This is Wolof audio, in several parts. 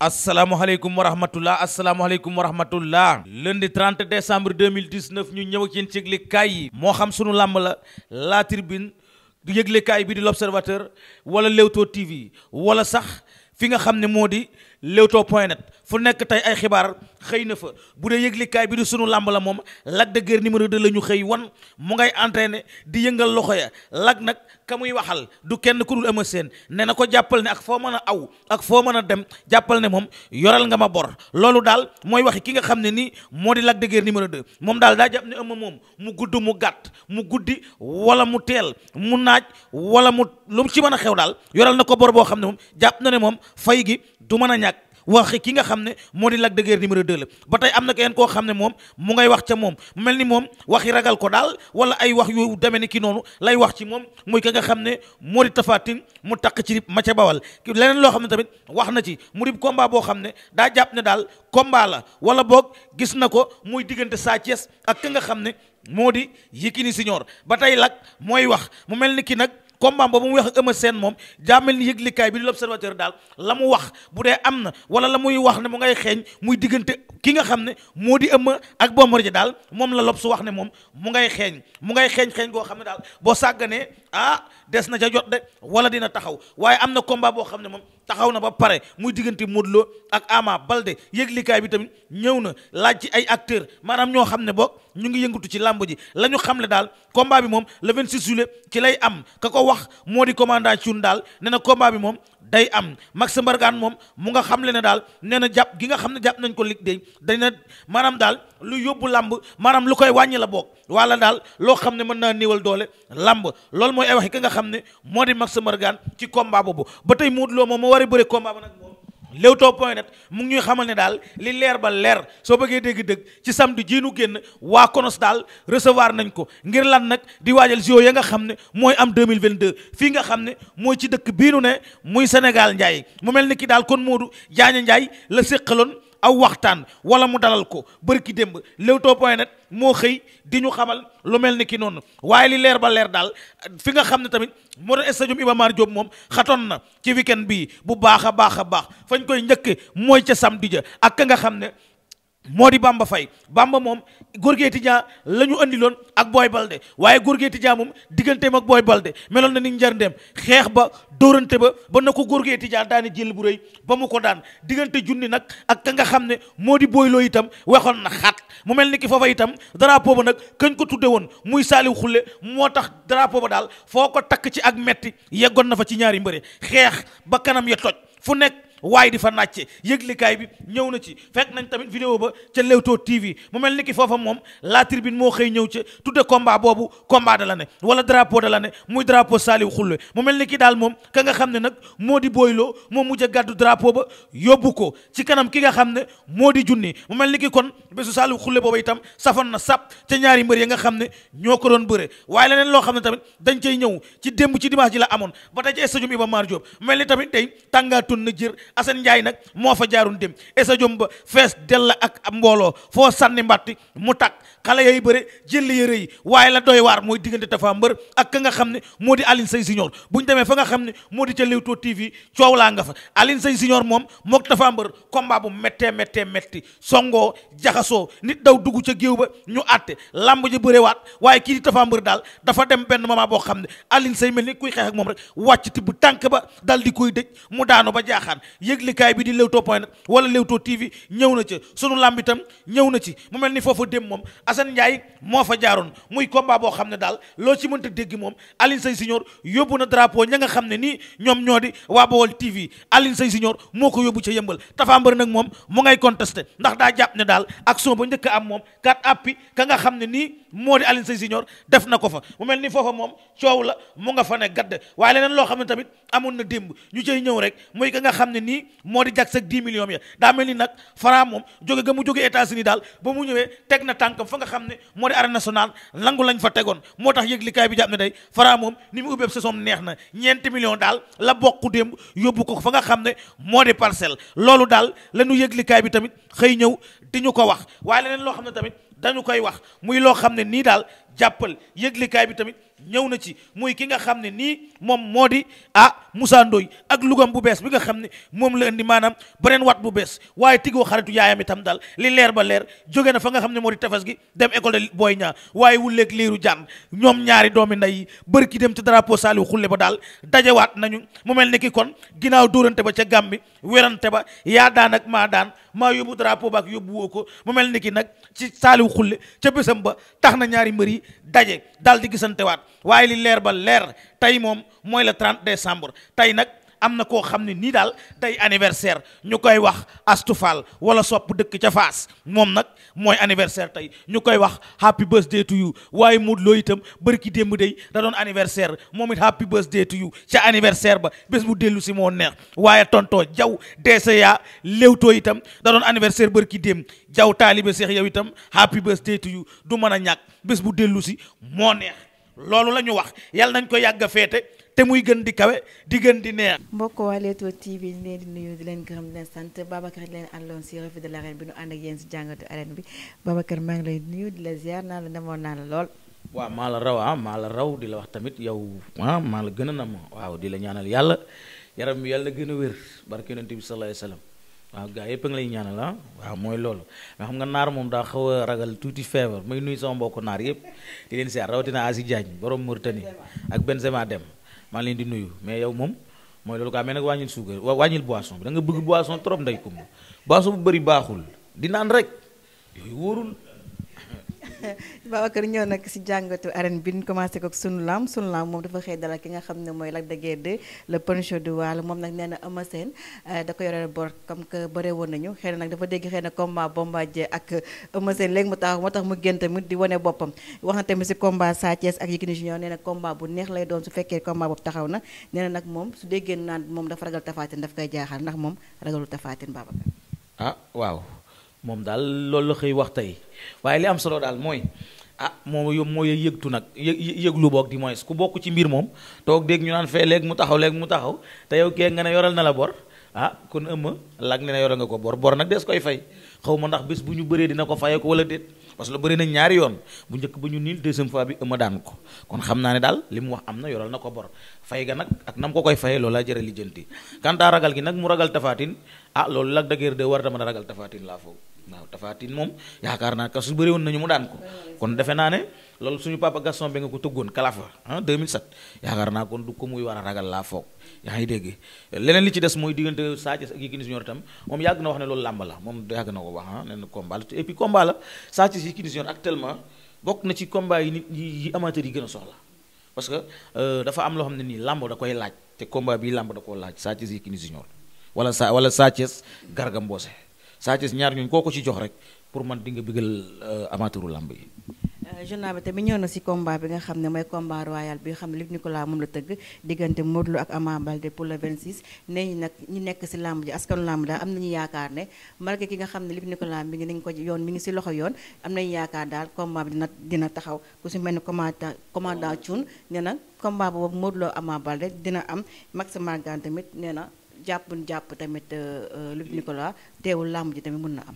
asalaamaaleykum wa rahmatullah asalaamaaleykum wa rahmatullah lundi 30 décembre 2019 ñu ñëw ak yéen ci yëglekaay yi moo xam sunu làmb la la tribune du yëglekaay bi di l'observateur wala Leewtoo TV wala sax fi nga xam ne moo di Leewtoo point net fu nekk tey ay xibaar xëy na fa bu dee yëglikaay bi di sunu làmb la moom Lac dëgër Guiers numéro 2 ñu xëy wan mu ngay entraîné di yëngal loxo ya lag nag ka muy waxal du kenn ku dul Eumeu Sène ne na ko jàppal ne ak foo mën a aw ak foo mën a dem jàppal ne moom yoral nga ma bor loolu daal mooy waxi ki nga xam ne nii moo di Lac dëgër Guiers numéro 2 moom daal daa jàpp ne Eumeu moom mu gudd mu gàtt mu guddi wala mu teel mu naaj wala mu lu ci mën a xew daal yoral na ko bor boo xam ne moom jàpp na ne moom fay gi du mën a ñàkk wax ki nga xam ne moo di lag de Guiers numéro 2 la ba tey am na keneen koo xam ne moom mu ngay wax ca moom mel ni moom waxi ragal ko daal wala ay wax yu demee ni ki noonu lay wax ci moom muy ka nga xam ne moo di Tapha Tine mu takk ci rib ma ca leneen loo xam ne tamit wax na ci mu rib boo xam ne daa jàpp ne daal combat wala boog gis na ko muy diggante Sa ak ka nga xam ne moo di Yékini Senior ba tey lag mooy wax mu mel ni ki nag comme combat boobu mu wax ak Eumeu Sène moom jaamel ni yëglikaay bi di l'observateur daal la mu wax bu dee am na wala la muy wax ne mu ngay xeeñ muy diggante ki nga xam ne moo di Eumeu ak Bombardier daal moom la lob su wax ne moom mu ngay xeeñ mu ngay xeeñ xeeñ goo xam ne daal boo sàgganee ah des na ca jot de wala dina taxaw waaye am na combat boo xam ne moom taxaw na ba pare muy diggante Modou ak Ama balde yëglikaay bi tamit ñëw na laaj ci ay acteur maanaam ñoo xam ne boog ñu ngi yëngatu ci làmb ji la ñu xam ne daal combat bi moom le 26 juillet ci lay am ka ko wax moo di commandant Thioune daal ne na combat bi moom day am Max Mbargane moom mu nga xam le ne daal nee na jàpp gi nga xam ne jàpp nañ ko lig dañ dana maanaam daal lu yóbbu làmb maanaam lu koy wàññi la boog waala daal loo xam ne mën naa néewal doole làmb loolu mooy ay wax ki nga xam ne moo di Max Mbargane ci combat boobu ba tey Modou Lo moom ma war a bëre combat ba Leewtoo point net mu ngi ñuy xamal ne daal li leer ba leer soo bëggee dégg dëgg ci samedi jii nu génn waa konos daal recevoir nañ ko ngir lan nag di waajal JO ya nga xam ne mooy am 2022 fii nga xam ne mooy ci dëkk bii nu ne muy Sénégal Njaay mu mel ni kii daal kon Modou Diagne Ndiaye la séqaloon aw waxtaan wala mu dalal ko bërki démb Leewtoo point moo xëy di ñu xamal lu mel ni ki noonu waaye li leer ba leer daal fi nga xam ne tamit moo doon stadium Iba Mar Diop moom xatoon na ci weekend bii bu baax a baax a baax fañ koy njëkk mooy ca sam ja ak ka nga xam ne moo di Bamba fay bàmba moom Gorgui Étudiant la ñu indiloon ak booy Balde waaye góor ti jaa moom digganteem ak Boy Balde meloon na ni njarndeem xeex ba dóorante ba ba na ko góor Gorgui Étudiant daani jël bu rëy ba mu ko daan diggante junni nag ak ka nga xam ne moo di booy loo itam waxoon na xat mu mel ni ki foofa itam drapeau ba nag kañ ko tudde woon muy saaliw xulle moo tax drapeau ba daal foo ko takk ci ak metti yeggoon na fa ci ñaari mbëre xeex ba kanam ya toj fu nekk waaye di fa nàcce yëglikaay bi ñëw na ci fekk nañ tamit vidéo ba ca Leewtoo TV mu mel ni ki foofa moom la tribune moo xëy ñëw ca tudde combat boobu combat da la ne wala drapo da la ne muy drapeau saaliw xulle mu mel ni ki daal moom ka nga xam ne nag moo di booyloo moo mujj a gàddu drapo ba yóbbu ko ci kanam ki nga xam ne moo di junni mu mel ni ki kon bésu saaliw xulle boobu itam safoon na sap ca ñaari mbër ya nga xam ne ñoo ko doon bëre waaye leneen loo xam ne dañ cay ñëw ci démb ci dimanche ji la amoon ba tey ci stadium Iba Mar Diop mu mel ni tamit tey tàngaatoon na jër Assane Ndiaye nag moo fa jaarun dem stadium ba fees dell ak am mbooloo foo sànni mbàtti mu tàkk xale yay bëre jël yëre yi waaye la doy waar mooy diggante Tapha Mbeur ak ka nga xam ne moo di Alioune Seye Junior bu ñu demee fa nga xam ne moo di ca too TV coow laa nga fa Alioune Seye Junior moom mook Tapha Mbeur combat bu méttee méttee métti songoo jaxasoo nit daw dugg ca géew ba ñu àtte lamb ji bërewaat waaye kii di Tapha Mbeur daal dafa dem benn moment boo xam ne Alioune Seye mel ni kuy xeex ak moom rek wàcc tibb tànk ba dal di koy dëj mu daanu ba jaaxaan yëglikaay bi di Leewtoo point net wala Leewtoo TV ñëw na ca sunu làmb itam ñëw na ci mu mel ni foofa dem moom Assane Ndiaye moo fa jaaroon muy combat boo xam ne daal loo ci mënta dégg moom Alioune sa Signor yóbbu na drapeau ña nga xam ne nii ñoom ñoo di waa Bawol TV Alioune Seye Signor moo ko yóbbu ca yëmbal Tapha Mbeur nag moom mu ngay contesté ndax daa jàpp ne daal action ba njëkk am moom kat appi ka nga xam ne nii moo di Alioune Seye Signor def na ko fa mu mel ni foofa moom coow la mu nga fa ne gadd waaye leneen loo xam ne tamit amoon na démb ñu cay ñëw rek nii moo di jag sa 10 millions ya daa mel ni nag faraa moom jóge ga mu jóge États-Unis daal ba mu ñëwee teg na tànkam fa nga xam ne moo di arène nationale nangu lañ fa tegoon moo tax yëglikaay bi jàpp ne day Franc moom ni mu ubbeeb saison neex na ñeenti million daal la bokku démb yóbbu ko fa nga xam ne moo de parcelle loolu daal la nu yëglikaay bi tamit xëy ñëw di ñu ko wax waaye leen loo xam ne tamit dañu koy wax muy loo xam ne nii daal jàppal yëglikaay bi tamit ñëw na ci muy ki nga xam ne nii moom moo di ah Moussa Ndoye ak lugam bu bees bi nga xam ne moom la indi maanaam beneen wat bu bees waaye tigoo xaritu yaayam itam daal li leer ba leer jóge na fa nga xam ne moo di tefes gi dem école de booy ñaar waaye wulleeg liiru jàmm ñoom ñaari doomi nday bër ki dem ci drapeau Saliou xulle ba daal dajewaat nañu mu mel ni ki kon ginnaaw dóorante ba ca gàm bi werante ba yaa daan ak maa maa yóbbu drapeau ba ak yóbbu woo ko mu mel ni nag xulle ca bésam ba tax na ñaari mbër yi daje daal di gisantewaat waaye li leer ba leer tey moom mooy le 30 décembre tey nag am na koo xam ne nii daal tey anniversaire ñu koy wax Astou Fall wala sopp dëkk ca Faas moom nag mooy anniversaire tey ñu koy wax happy birthday to you waaye Modou loo itam bërki démb day da doon anniversaire moom it happy birthday to you ca anniversaire ba bés bu dellu si moo neex waaye tontoo jaw DCA léewtoo itam da doon anniversaire bërki démb jaw taalibe seex yow itam happy birthday to you du mën a ñàkk bés bu dellu si moo neex loolu la ñu wax yàlla nañ ko yàgg a feete te muy gën di kawe di gën di neex. mbokk waa Leewtoo TV ni leen di nuyu di leen gërëm di sant Babacar di leen àndoon si revue de l'arène bi ñu ànd ak yéen si jàngatu arène bi Babacar maa ngi lay nuyu di la ziar naa la demoon naa la lool. waaw maa la raw ah la raw di la wax tamit yow ah maa la gën a nam waaw di la ñaanal yàlla yaram bi yàlla gën a wér barke yonent bi sallallahu alayhi wasallam waaw yëpp a ngi lay ah, mooy loolu mais xam nga naar moom daa xaw a ragal tuuti feebar may nuyu sama mbokk naar yëpp di leen siyaar rawatina Asi Diagne borom Mauritanie ak Benzema dem maa leen di nuyu mais yow moom mooy loolu kaa mais nag wàññil suukar wàññil boisson bi da nga bëgg boisson trop ndey kumba boisson bu bëri baaxul di naan rek yooyu wóorul Babacar ñëw nag si jàngato arène bi ñu commencé ko sunu laam sunu laam moom dafa xëy dalal ki nga xam ne mooy Lac de Guiers le puncheur du Waalo moom nag nee na Eumeu Sène euh, da ko comme que bëre woon nañu xëy na nag dafa dégg xëy na combat Bombardier ak Eumeu Sène léegi mu taxaw tax mu génn tamit di wane boppam wax na tamit si combat Sa Thiès ak Yékini Junior nee na combat bu neex lay doon su fekkee combat boobu taxaw na nee nag moom su déggee naan moom dafa ragal Tapha Tine daf koy jaaxal ndax moom ragalu Tapha Tine Babacar ah waaw moom daal loolu la xëy wax tey waaye li am solo daal mooy ah moom yób mooy yëgtu nag yëg lu boog di moins ku bokk ci mbir moom toog dégg ñu naan fee léegi mu taxaw léegi mu taxaw te yow kee nga ne yoral na la bor ah kon ëmma laag ne na yoral nga ko bor bor nag des koy fay xaw ma ndax bis bu ñu bëree dina ko fayee ko wala déet parce que lu bëri nañ ñaari yoon bu njëkk bu ñu niil deuxième fois bi ëmma daan ko kon xam naa ne daal li mu wax am na yoral na ko bor fay ga nag ak nam ko fayee loola jëre lijjanti quant à ragal gi nag mu ragal tafaatin ah loolu lag da guerre de war ragal tafaatin laa foog waaw tafaatin moom yaakaar naa kasu bëri woon nañu mu daan ko kon defe naa ne loolu suñu papa Gaston bi nga ko tëggoon kalaafa ah 2007 yaakaar naa kon du ko muy war a ragal laa foog yaa ngi dégg leneen li ci des mooy diggante Sa Thiès ak Yékini Junior itam moom yàgg na wax ne loolu làmb la moom yàgg na ko wax ah nee na combat la et puis combat la Sa Thiès Yékini Junior actuellement bokk na ci combat yi nit yi amateurs yi gën a soxla parce que euh, dafa am loo xam ne nii làmb da koy laaj te bi làmb da koo laaj Sa Thiès Yékini wala sa wala Sa Thiès Garga Sa Thiès ñaar ñooñu koo ko ci jox rek pour man di nga bëggal euh, amateuru làmb yi. Euh, journal bi tamit ñëw na ci combat bi nga xam ne mooy combat royal bi xam ne Luc Nicolas moom la tëgg diggante Modou Lo ak Ama Baldé pour le 26 nee ñu nag ñi nekk ci làmb ji askanu làmb daal am nañu yaakaar ne malgré ki nga xam ne Luc Nicolas mi ngi nañ ko yoon mi ngi ci loxo yoon am nañu yaakaar daal combat bi dina dina taxaw ku ci mel ni commandant commandant Thioune nee na combat boobu Modou Lo Ama Baldé dina am Max Margan tamit nee na jàpp jàpp tamit euh, euh, Luc Nicolas teewul làmb ji tamit mën na am.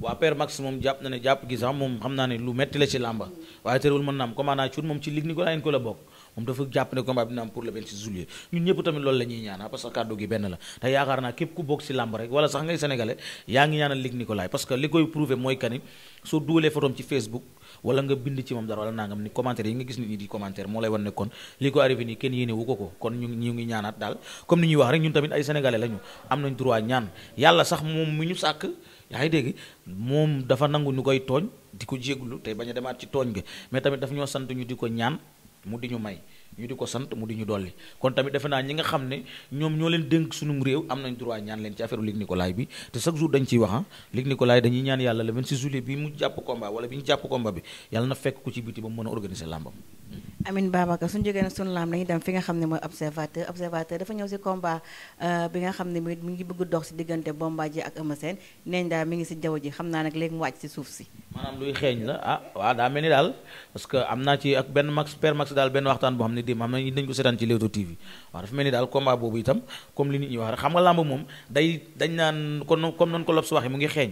waa Père Max jàpp na ne jàpp gi sax moom xam naa ne lu metti la ci làmba waaye terewul mën na am comment naa cuun moom ci Luc Nicolas yéen ko la bokk moom dafa jàpp ne combat bi dina am pour le 26 juillet ñun ñëpp tamit loolu la ñaana ah, parce kàddu gi benn la te yaakaar naa képp ku bokk ci làmb rek wala sax ngay sénégalais yaa ngi ñaanal Luc Nicolas parce li koy prouver mooy kani wala nga bind ci moom dara wala nangam ni commentaire yi nga gis nit ñi di commentaire moo lay wan ne kon li ko arrivé nii kenn yéene wu ko ko kon ñu ñu ngi ñaanaat daal comme ni ñuy wax rek ñun tamit ay sénégalais lañu am nañ droit ñaan yàlla sax moom mu ñu sàkk yaa ngi dégg moom dafa nangu ñu koy tooñ di ko jéglu te bañ a demaat ci tooñ ga mais tamit dafa ñoo sant ñu di ko ñaan mu di ñu may ñu di ko sant mu di ñu dolli kon tamit defe naa ñi nga xam ne ñoom ñoo leen dénk sunum réew am nañ droit ñaan leen ci affaire Luc Nicolaï bi te chaque jour dañ ciy wax ah Luc dañuy ñaan yàlla le 26 juillet bi mu jàpp combat wala bi ñu jàpp combat bi yàlla na fekk ku ci biti ba mu mën a organiser làmbam Amin Babacar suñu jógee na suñu laam dañuy dem fi nga xam ne mooy observateur observateur dafa ñëw si combat euh, bi nga xam ne mi ngi bëgg dox si diggante Bombardier ak Eumeu Sène neeñ daal mi ngi si jaww ji xam naa nag léegi mu wàcc si suuf si maanaam luy xeeñ la ah waaw daa mel ni daal parce que am naa ci ak benn max père daal benn waxtaan boo xam ne démb am na dañ ko seetaan ci Leewtoo TV waaw dafa mel ni daal combat boobu itam comme li nit ñi wax rek xam moom dañ naan kon comme noonu ko lob su waxee mu ngi xeeñ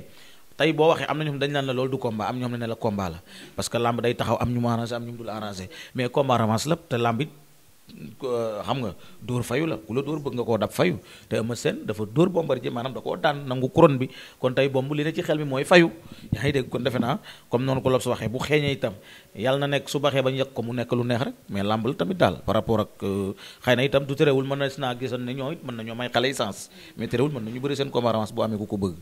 tey boo waxee am na ñoom dañ naan la loolu du combat am ñoom ne ne la combat la parce que lamb day taxaw ñu mais combat revanche la euh, xam nga dóor fayu la ku la dóor bëgg nga koo dab fayu te Eumeu Sène dafa dóor Bombardier maanaam koo daan nangu couronne bi kon tey bomb li ne ci xel mi mooy fayu kon defe naa comme noonu ko lob su waxee bu xeeñee itam yàlla na nekk su baxee ba ñu yàq ko nekk lu neex rek mais làmb la daal par rapport ak euh, xëy na itam du terewul mën na si naa gisoon ne ñoo it mën na ñoo may xale yi sens mais terewul mën na ñu bëri seen combat revanche bu amee ku ko bëgg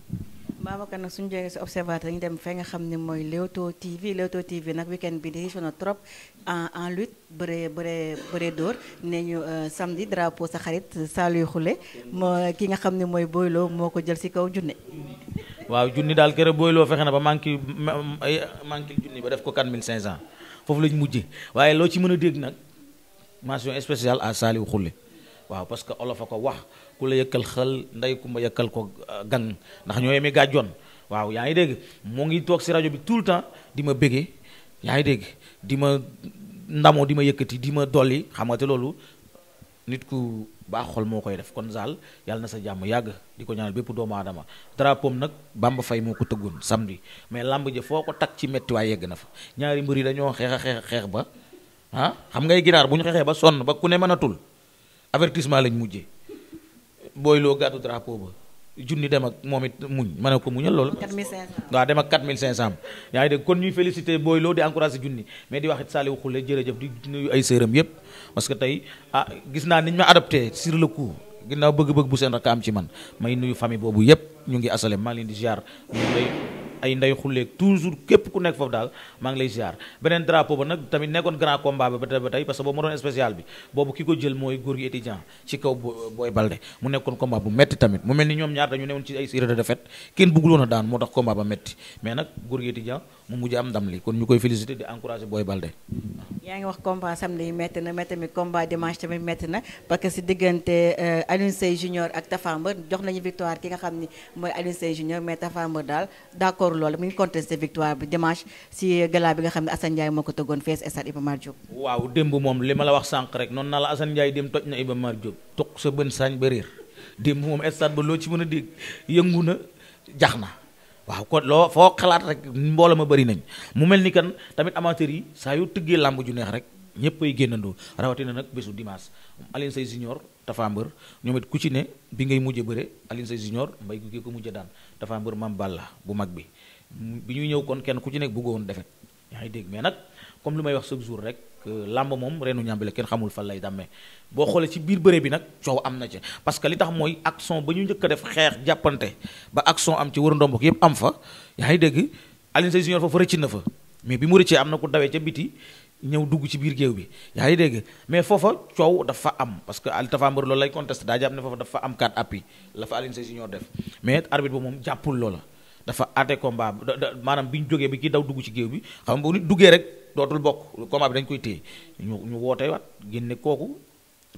Babacar nag suñu jógee si observateur dañu dem fee nga xam ne mooy Leewtoo TV Leewtoo TV nag weekend bi di sonn trop en en lutte bëree bëree bëree dóor nee ñu euh, samedi drapeau sa xarit Saliou Khoulé moo ki nga xam ne mooy Boylo moo ko jël si kaw junne. waaw junni daal kër Boylo fexe na ba manqué manqué junni ba def ko 4500 foofu lañu mujjee waaye loo ci mën a dégg nag mention spéciale à Saliou Khoulé waaw parce que olof a ko wax. ku la yëkkal xal nday kumba ma yëkkal ko euh, gang ndax ñoo yemi gàjjoon waaw yaa ngi dégg moo ngi toog si rajo bi tout le temps di ma bëggee yaa ngi dégg di ma ndamoo di ma yëkkati di ma dolli xam nga te loolu nit ku baax xol moo koy def kon daal yàlla na sa jàmm yàgg di ko ñaanal bépp doomu aadama drapeau nag Bamba Faye moo ko tëggoon samedi mais làmb ja foo ko takk ci metti waaye yegg na fa ñaari mbër yi dañoo xeex a xeex xeex ba ah xam ngay ginaar bu ñu xeexee ba sonn ba ku ne mënatul avertissement lañ mujjee. booy loo gàddu drapeau ba junni dem ak moom it muñ ma ne ko muñal loolu. 4500 waaw dem ak 4500 yaa ngi de kon ñuy félicité booy loo di encouragé junni mais di wax it Saliou Khoule jërëjëf di nuyu ay séeram yëpp parce que tey ah gis naa niñ ma adopté sur le coup ginnaaw bëgg-bëgg bu seen rakk am ci man may nuyu famille boobu yëpp ñu ngi asale maa ngi leen di ziar ñu ngi lay ay nday xulleeg toujours képp ku nekk foofu daal maa beneen drapeau ba nag tamit nekkoon grand combat ba tey ba tey parce boobu ma doon spécial bi boobu ki ko jël mooy góor gi étudiant ci kaw booy balde mu nekkoon combat bu metti tamit mu mel ni ñoom ñaar dañu newoon ci ay série de défaite kenn bëgguloon a daan moo tax combat ba metti mais nag góor gi étudiant mu mujj am ndam li kon ñu koy féliciter di encourager Boy Baldé. yaa ngi wax combat samedi métti na métti mi combat dimanche tamit métti na parce que si diggante euh, Alioune Seye junior ak Tapha Mbeur jox nañu victoire ki nga xam ni mooy Alioune Seye junior mais Tapha daal d'accord loolu mu ngi contesté victoire bi dimanche si gala bi nga xam ne Assane Ndiaye moo ko tëggoon fees stade Iba Mar Diop. waaw démb moom li ma la wax sànq rek noonu na la Assane Ndiaye dem toj na Iba Mar Diop sa bën sañ ba réer démb moom loo ci mën a dégg yëngu na jax na. waaw ko loo foo xalaat rek mboola ma bëri nañ mu mel ni kan tamit amateur yi saa yu tëggee làmb ju neex rek ñëpp ay génnandoo rawatina nag bésu dimanche Alioune Seye Junior Tapha Mbeur ñoom it ku ci ne bi ngay mujj bëre Alioune Seye Junior mbay guggee ko mujj daan Tapha Mbeur Mame Balla bu mag bi bi ñuy ñëw kon kenn ku ci nekk bëggoon defet yaa ngi dégg mais nag comme lu may wax chaque jour rek làmb moom reenu ñàmbile kenn xamul fan lay dammee boo xoolee ci biir bëre bi nag coow am na ci parce que li tax mooy action ba ñu njëkk a def xeex jàppante ba action am ci wër ndombok yépp am fa yaa ngi dégg Alioune Sèye Junior foofu rëcc na fa mais bi mu rëccee am na ku dawee ca biti ñëw dugg ci biir géew bi yaa dégg mais foofa coow dafa am parce que Aliou Tapha lay contesté daa jàpp ne foofa dafa am 4 appuis la fa Alioune Sèye Junior def mais arbitre ba moom jàppul bi ñu jógee bi kii daw dugg ci géew dootul bokk combat bi dañ koy téye ñu ñu wootee waat génne kooku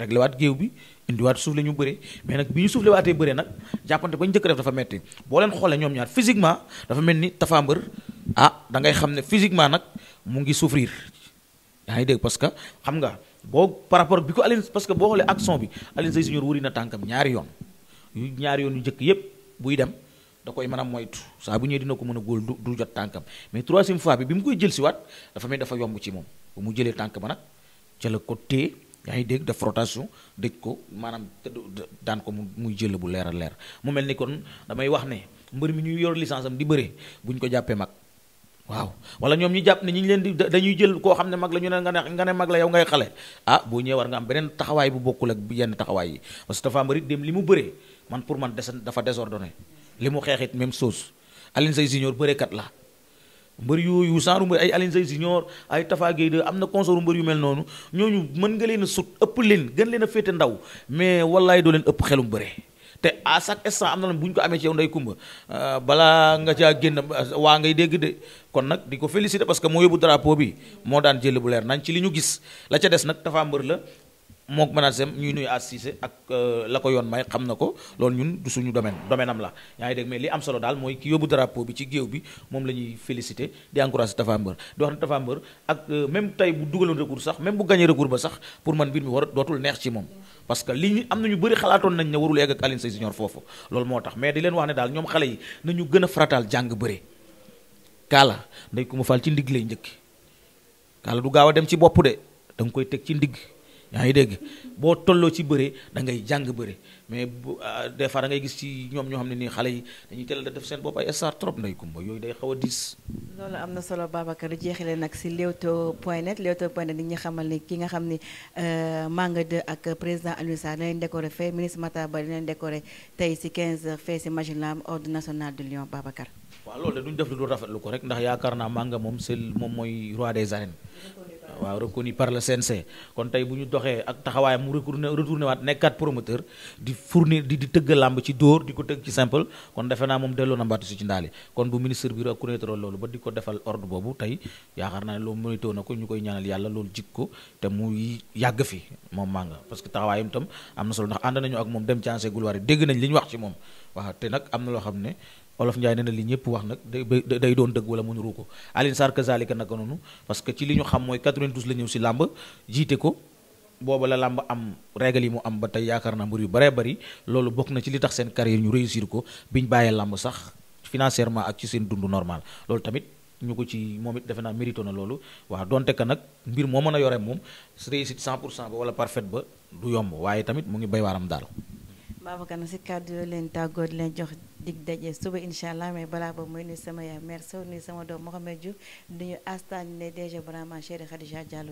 réglé waat géew bi indiwaat suuf la ñu bëree mais nag bi ñu suuf la waatee bëree nag jàppante ba ñu njëkk def dafa metti boo leen xoolee ñoom ñaar physiquement dafa mel ni Tapha Mbeur ah da ngay xam ne physiquement nag mu ngi souffrir yaa ngi dégg parce que xam nga boo par rapport bi ko Alioune parce que boo xoolee action bi Alioune Sèye Junior wëri na tànkam ñaari yoon yu ñaari yoon yu njëkk yépp buy dem. da koy mën a moytu saa bu ñëwee dina ko mën a góor du jot tànkam mais troisième fois bi bi mu koy jël si waat dafa mel dafa yomb ci moom bu mu jëlee tànk ba nag ca la ko téye yaa ngi dégg def rotation dégg ko maanaam daan ko muy jël bu leer a leer mu mel ni kon damay wax ne mbër mi ñuy yor licence am di bëre bu ñu ko jàppee mag waaw wala ñoom ñu jàpp ne ñi ñu leen di dañuy jël koo xam ne mag la ñu ne nga ne nga ne mag la yow ngay xale ah boo ñëwee war nga am beneen taxawaay bu bokkul ak yenn taxawaay yi parce que dafa mbëri li mu bëree man pour man des dafa désordonné li mu xeexit même chose Alioune Seye Junior bërekat la mbër yooyu saaru mbër ay Alioune Seye Junior ay Tafa Gueye am na consort mbër yu mel noonu ñooñu mën nga leen sut ëpp leen gën leen a féete ndaw mais wallaay doo leen ëpp xelum bëre te à chaque instant am na bu ñu ko amee ci yow ndey kumba euh, balaa nga caa génn waa ngay dégg de kon nag di ko féliciter parce que moo yóbbu drapeau bi moo daan jël bu leer nañ ci li ñu gis la ca des nag Tafa mbër la mook managem ñuy nuyu à Cissé ak euh, la ko yoon may xam na ko loolu ñun du suñu domaine domaine am la yaa ngi dégg mais li am solo daal mooy ki yóbbu drapeau bi ci géew bi moom la ñuy félicité di encouragé Tapha Mbeur di wax ne Tapha ak euh, même tey bu dugaloon recours sax même bu gagné recours ba sax pour man mbir mi war dootul neex ci moom parce que li am am ñu bëri xalaatoon nañ ne warul egg ak Alioune Sèye Junior foofu loolu moo tax mais di leen wax ne daal ñoom xale yi nañu gën a farataal jàng bëre kaala nday ku ma fal ci ndigg lay njëkk kaala du gaaw a dem ci bopp de da nga koy teg ci ndigg yaa ngi dégg boo tolloo ci bëre da ngay jàng bëre mais ah, des fois da ngay gis ci ñoom ñoo xam ne nii xale yi dañuy teel a def seen bopp ay star trop nday kumba yooyu day xaw a diis. loolu am na solo Babacar jeexale nag si Leewtoo point net Leewtoo point net di ñu xamal ni ki nga xam ni euh, Manga 2 ak président Alioune Sarr dina leen décorer fee ministre Matar Ba dina leen décorer tey si quinze h fee si Maginlam ordre national de Lyon Babacar. waaw loolu de duñ def lu dul rafetlu ko rek ndax yaakaar naa Manga moom c'est moom mooy roi des arènes. waaw reconnu par le CNC kon tey bu ñu doxee ak taxawaayam mu retourné retourné waat nekkaat promoteur di fournir di di làmb ci dóor di ko tëgg ci simple kon defe naa moom delloo na mbaatu si bi reconnaître ko na ko ñu koy ñaanal yàlla loolu jik ko te muy yàgg fi moom manga parce que taxawaayam tam am na solo ndax ànd nañu ak moom dem ci ancien gulwaar yi dégg nañ li wax ci moom waaw te nag am na loo xam ne olof Ndiaye nee na li ñëpp wax nag day day doon dëgg wala mu nuru ko Alioune Sarr kazalika naka noonu parce que ci li ñu xam mooy la ñëw si làmb jiite ko booba la làmb am régal yi mu am ba tey yaakaar naa mbir yu baree bëri loolu bokk na ci li tax seen carrière ñu réussir ko biñ bàyyee làmb sax financièrement ak ci seen dund normal loolu tamit ñu ko ci moom it defe naa mérito na loolu waaw donte que nag mbir moo mën a yore moom réussite 100 pour cent ba wala parfaite ba du yomb waaye mu ngi bay waaram daal. Babacar si dig daje suba incha allah mais balaa boobu mooy nuyu sama yaay sama doom Mohamed Diouf di nuyu Asta ñu ne DG Brahma chéri Khadija Diallo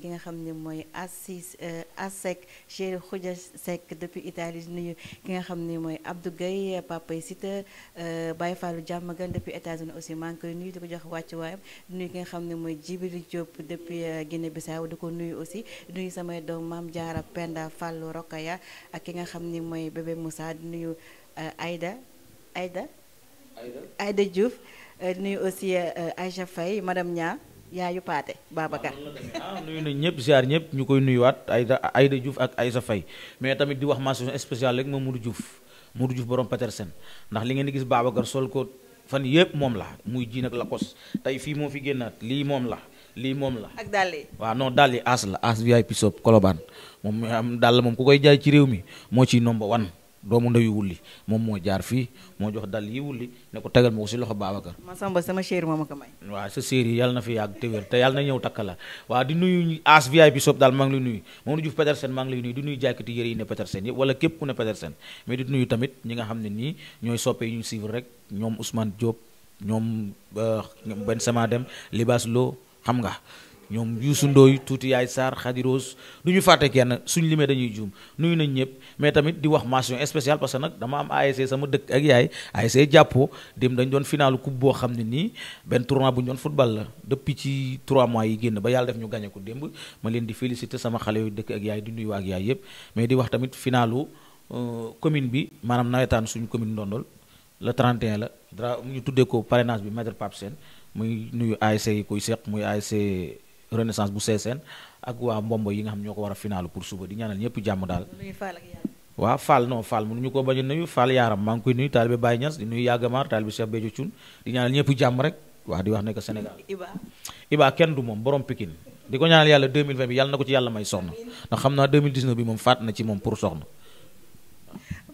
ki nga xam ne mooy Assis euh, Assec chéri Khoudia Seck depuis Italie ki nga xam ne mooy Abdou Gueye Papa Sita euh, Baye Fallou Diamagan depuis États-Unis aussi maa ngi koy jox wàccu waayam di nuyu xam ne mooy Djibril Diop depuis euh, Guinée Bissau di ko nuyu aussi di samay doom Mame Diarra Penda Fallou ak ki nga xam ni mooy bébé Moussa di nuyu. Euh, Aïda ayda Aïda Diouf euh, nuyu aussi euh, Aïcha Faye madame Nia yaayu paate Babacar ah, nuyu nañ ñëpp ziar ñëpp ñu koy nuyuwaat Aïda Aïda juuf ak Aïcha Faye mais tamit di wax mention spéciale rek moom Modou Diouf Modou Diouf borom Petersen ndax li ngeen di gis Babacar sol ko fan yëpp moom la muy ji nag Lacoste tey fii moo fi génnaat lii moom la lii moom la. ak dàll yi waaw non dàll as la as VIP sop Colobane moom am dàll moom ku koy jaay ci réew mi moo ci number one doomu ndeyu wulli moom moo jaar fii moo jox dal yi wulli ne ko tegal moo ko si loxo Babacar. ma samba sama ma ko may. waaw sa chéri yàlla na fi yàgg te wér te yàlla na ñëw takka la waaw di nuyu as VIP Sope daal maa ngi lay nuyu moom Diouf Petersen maa ngi lay nuyu di nuyu jaaykati yëre yi ne Petersen yëpp wala képp ku ne Petersen mais di nuyu tamit ñi nga xam ne nii ñooy soppe yi ñu suivre rek ñoom Ousmane Diop ñoom euh, Ben Sama Dem libaas Lo xam nga ñoom Youssou Ndoye tuuti yaay Sarr Khadiros du ñu fàtte kenn suñu limee dañuy juum nuyu nañ ñëpp mais tamit di wax mention spéciale parce nag dama am ASC sama dëkk ak yaay ASC jàppoo dem dañ doon finalu coupe boo xam ne nii benn tournoi bu ñu doon football la depuis ci 3 mois yi génn ba yàlla def ñu gagné ko démb ma leen di féliciter sama xale yooyu dëkk ak yaay di nuyu ak yaay yëpp mais di wax tamit finalu euh, commune bi maanaam nawetaan suñu commune Ndondol le 31 la dara ñu tuddee ko parrainage bi maître Pape Sène muy nuyu ASC yi renaissance bu seeseen ak waa mbombo yi nga xam ñoo ko war a finaalu pour suba di ñaanal ñëpp jàmm daal waaw Fall non Fall mënuñu ko bañ a nuyu Fall yaaram maa ngi koy nuyu taalibe Baye Niass di nuyu Yagamar taalibe Cheikh Béthio Thioune di ñaanal ñëpp jàmm rek waaw di wax ne que Sénégal kenn du moom borom Pikine di ko ñaanal yàlla bi yàlla na ko ci yàlla may soxna ndax xam naa bi moom faat na ci moom pour soxna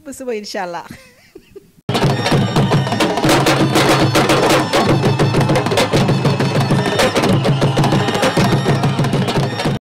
ba suba incha allah